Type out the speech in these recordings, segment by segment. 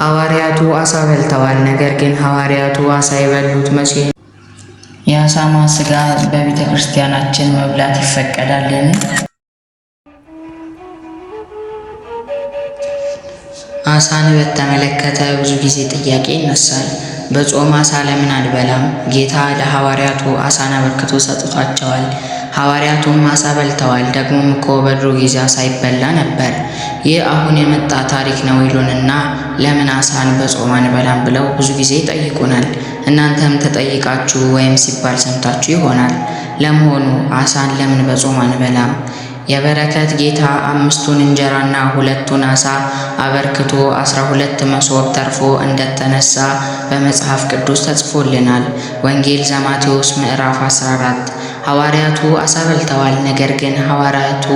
ሐዋርያቱ አሳ በልተዋል። ነገር ግን ሐዋርያቱ አሳ የበሉት መቼ? የአሳማ ስጋ በቤተ ክርስቲያናችን መብላት ይፈቀዳልን? አሳን በተመለከተ ብዙ ጊዜ ጥያቄ ይነሳል። በጾም አሳ ለምን አልበላም ጌታ ለሐዋርያቱ አሳን አበርክቶ ሰጥቷቸዋል። ሐዋርያቱም አሳ በልተዋል፣ ደግሞም እኮ በድሮ ጊዜ አሳ ይበላ ነበር፣ ይህ አሁን የመጣ ታሪክ ነው ይሉንና ለምን አሳን በጾም አንበላም ብለው ብዙ ጊዜ ይጠይቁናል። እናንተም ተጠይቃችሁ ወይም ሲባል ሰምታችሁ ይሆናል። ለመሆኑ አሳን ለምን በጾም አንበላም? የበረከት ጌታ አምስቱን እንጀራና ሁለቱን አሳ አበርክቶ አስራ ሁለት መሶብ ተርፎ እንደተነሳ በመጽሐፍ ቅዱስ ተጽፎልናል። ወንጌል ዘማቴዎስ ምዕራፍ 14 ሐዋርያቱ አሳ በልተዋል። ነገር ግን ሐዋርያቱ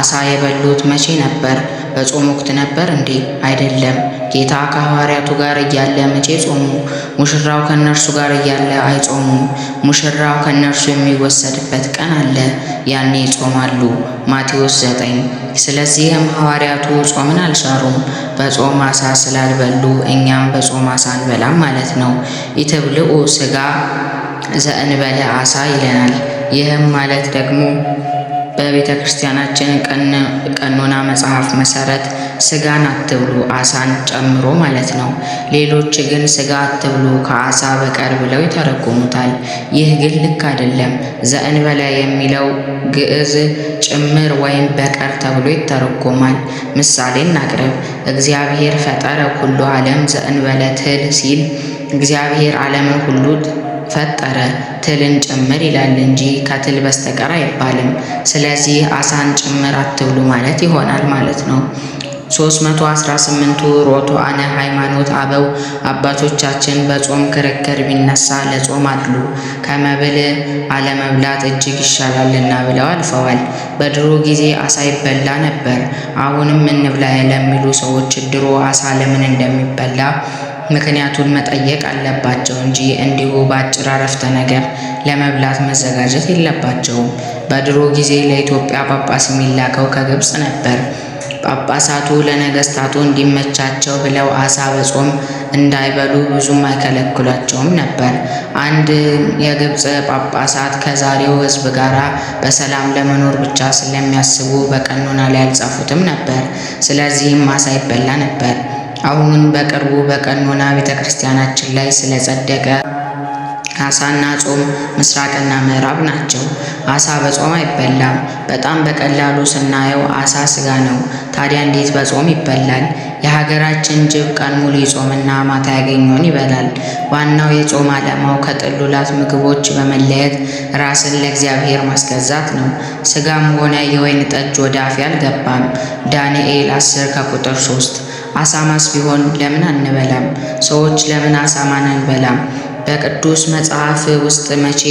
አሳ የበሉት መቼ ነበር? በጾም ወቅት ነበር እንዴ? አይደለም። ጌታ ከሐዋርያቱ ጋር እያለ መቼ ጾሙ? ሙሽራው ከእነርሱ ጋር እያለ አይጾሙም። ሙሽራው ከእነርሱ የሚወሰድበት ቀን አለ፣ ያኔ ይጾማሉ። ማቴዎስ 9 ስለዚህም ሐዋርያቱ ጾምን አልሻሩም። በጾም አሳ ስላልበሉ እኛም በጾም አሳ አንበላም ማለት ነው። ኢትብልዑ ሥጋ ዘእንበለ አሳ ይለናል። ይህም ማለት ደግሞ በቤተ ክርስቲያናችን ቀኖና መጽሐፍ መሰረት ስጋን አትብሉ አሳን ጨምሮ ማለት ነው። ሌሎች ግን ስጋ አትብሉ ከአሳ በቀር ብለው ይተረጉሙታል። ይህ ግን ልክ አይደለም። ዘእንበለ የሚለው ግዕዝ ጭምር ወይም በቀር ተብሎ ይተረጎማል። ምሳሌ እናቅርብ። እግዚአብሔር ፈጠረ ሁሉ ዓለም ዘእንበለ ትል ሲል እግዚአብሔር ዓለምን ሁሉ ፈጠረ ትልን ጭምር ይላል እንጂ ከትል በስተቀር አይባልም። ስለዚህ አሳን ጭምር አትብሉ ማለት ይሆናል ማለት ነው። 318ቱ ሮቶአነ ሃይማኖት አበው አባቶቻችን በጾም ክርክር ቢነሳ ለጾም አድሉ ከመብል አለመብላት እጅግ ይሻላልና ብለው አልፈዋል። በድሮ ጊዜ አሳ ይበላ ነበር። አሁንም እንብላ ለሚሉ ሰዎች ድሮ አሳ ለምን እንደሚበላ ምክንያቱን መጠየቅ አለባቸው እንጂ እንዲሁ በአጭር አረፍተ ነገር ለመብላት መዘጋጀት የለባቸውም። በድሮ ጊዜ ለኢትዮጵያ ጳጳስ የሚላከው ከግብፅ ነበር። ጳጳሳቱ ለነገስታቱ እንዲመቻቸው ብለው አሳ በጾም እንዳይበሉ ብዙም አይከለክሏቸውም ነበር። አንድ የግብፅ ጳጳሳት ከዛሬው ሕዝብ ጋር በሰላም ለመኖር ብቻ ስለሚያስቡ በቀኖና ላይ አልጻፉትም ነበር። ስለዚህም አሳ ይበላ ነበር። አሁን በቅርቡ በቀኖና ቤተ ክርስቲያናችን ላይ ስለጸደቀ ዓሳና ጾም ምስራቅና ምዕራብ ናቸው። ዓሳ በጾም አይበላም። በጣም በቀላሉ ስናየው አሳ ስጋ ነው። ታዲያ እንዴት በጾም ይበላል? የሀገራችን ጅብ ቀን ሙሉ ይጾምና ማታ ያገኘውን ይበላል። ዋናው የጾም ዓላማው ከጥሉላት ምግቦች በመለየት ራስን ለእግዚአብሔር ማስገዛት ነው። ስጋም ሆነ የወይን ጠጅ ወደ አፌ አልገባም። ዳንኤል 10 ከቁጥር 3 አሳማስ ቢሆን ለምን አንበላም? ሰዎች ለምን አሳማን አንበላም? በቅዱስ መጽሐፍ ውስጥ መቼ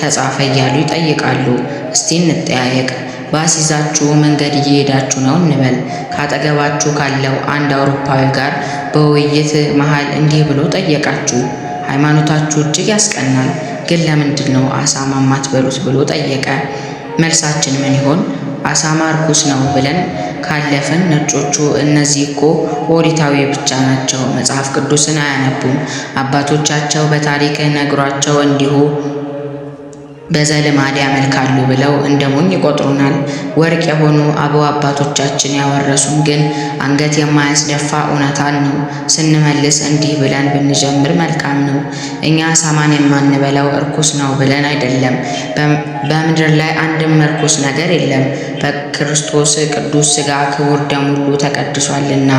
ተጻፈ እያሉ ይጠይቃሉ። እስቲ እንጠያየቅ። ባስ መንገድ እየሄዳችሁ ነው እንበል። ካጠገባችሁ ካለው አንድ አውሮፓዊ ጋር በውይይት መሃል እንዲህ ብሎ ጠየቃችሁ። ሃይማኖታችሁ እጅግ ያስቀናል፣ ግን ለምንድን ነው አሳማ ማትበሉት ብሎ ጠየቀ። መልሳችን ምን ይሆን? አሳማ ርኩስ ነው ብለን ካለፍን ነጮቹ እነዚህ እኮ ኦሪታዊ ብቻ ናቸው፣ መጽሐፍ ቅዱስን አያነቡም፣ አባቶቻቸው በታሪክ ነግሯቸው እንዲሁ በዘልማድ ያመልካሉ ብለው እንደ ሞኝ ይቆጥሩናል። ወርቅ የሆኑ አበው አባቶቻችን ያወረሱን ግን አንገት የማያስደፋ እውነታን ነው። ስንመልስ እንዲህ ብለን ብንጀምር መልካም ነው። እኛ ሳማን የማንበላው እርኩስ ነው ብለን አይደለም። በምድር ላይ አንድም እርኩስ ነገር የለም፣ በክርስቶስ ቅዱስ ስጋ ክቡር ደም ሁሉ ተቀድሷልና።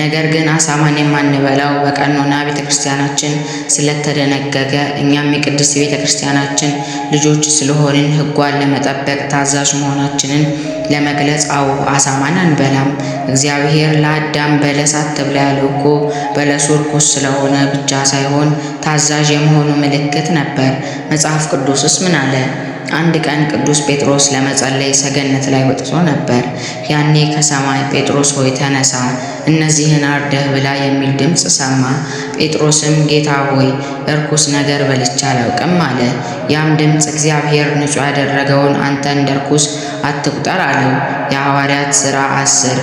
ነገር ግን አሳማን የማንበላው በቀኖና ቤተክርስቲያናችን ስለተደነገገ እኛም የቅድስት ቤተክርስቲያናችን ልጆ ልጆች ስለሆንን ሕጓን ለመጠበቅ ታዛዥ መሆናችንን ለመግለጽ አዎ አሳማን አንበላም። እግዚአብሔር ለአዳም በለስ አትብላ ያለው እኮ በለሱ ስለሆነ ብቻ ሳይሆን ታዛዥ የመሆኑ ምልክት ነበር። መጽሐፍ ቅዱስስ ምን አለ? አንድ ቀን ቅዱስ ጴጥሮስ ለመጸለይ ሰገነት ላይ ወጥቶ ነበር። ያኔ ከሰማይ ጴጥሮስ ሆይ ተነሳ፣ እነዚህን አርደህ ብላ የሚል ድምፅ ሰማ። ጴጥሮስም ጌታ ሆይ እርኩስ ነገር በልቻ አላውቅም አለ። ያም ድምፅ እግዚአብሔር ንጹሕ ያደረገውን አንተ እንደ አትቁጠር አለው። የሐዋርያት ሥራ አስር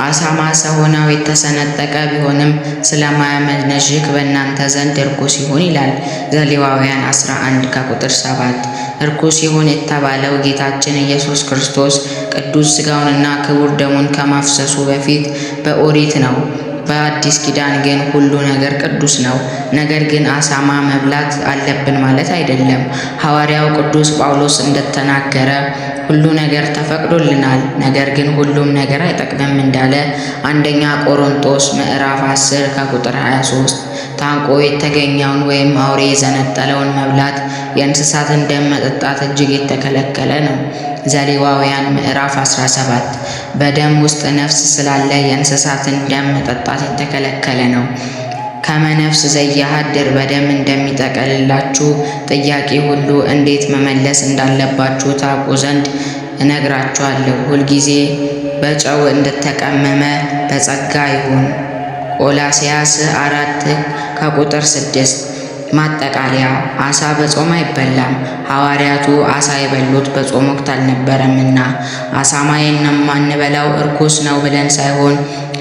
ማሳ ሰሆናው የተሰነጠቀ ቢሆንም ስለማያመነዥግ በእናንተ ዘንድ እርኩስ ይሁን ይላል ዘሌዋውያን 11 ከቁጥር 7። እርኩስ ይሁን የተባለው ጌታችን ኢየሱስ ክርስቶስ ቅዱስ ስጋውንና ክቡር ደሙን ከማፍሰሱ በፊት በኦሪት ነው። በአዲስ ኪዳን ግን ሁሉ ነገር ቅዱስ ነው። ነገር ግን አሳማ መብላት አለብን ማለት አይደለም። ሐዋርያው ቅዱስ ጳውሎስ እንደተናገረ ሁሉ ነገር ተፈቅዶልናል፣ ነገር ግን ሁሉም ነገር አይጠቅምም እንዳለ አንደኛ ቆሮንጦስ ምዕራፍ 10 ከቁጥር 23። ታንቆ የተገኘውን ወይም አውሬ የዘነጠለውን መብላት የእንስሳትን ደም መጠጣት እጅግ የተከለከለ ነው። ዘሌዋውያን ምዕራፍ 17 በደም ውስጥ ነፍስ ስላለ የእንስሳትን ደም መጠጣት የተከለከለ ነው። ከመነፍስ ዘያሃድር በደም እንደሚጠቀልላችሁ ጥያቄ ሁሉ እንዴት መመለስ እንዳለባችሁ ታውቁ ዘንድ እነግራችኋለሁ። ሁልጊዜ በጨው እንደተቀመመ በጸጋ ይሁን። ቆላስያስ አራት ከቁጥር ስድስት ማጠቃለያ አሳ በጾም አይበላም፣ ሐዋርያቱ አሳ የበሉት በጾም ወቅት አልነበረምና። አሳማ ማንበላው እርኩስ ነው ብለን ሳይሆን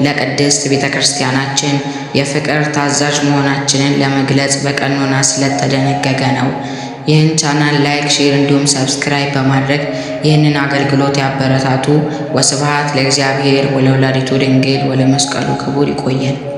ለቅድስት ቤተ ክርስቲያናችን የፍቅር ታዛዥ መሆናችንን ለመግለጽ በቀኖና ስለተደነገገ ነው። ይህን ቻናል ላይክ፣ ሼር እንዲሁም ሰብስክራይብ በማድረግ ይህንን አገልግሎት ያበረታቱ። ወስብሐት ለእግዚአብሔር ወለወላዲቱ ድንግል ወለመስቀሉ ክቡር። ይቆየን።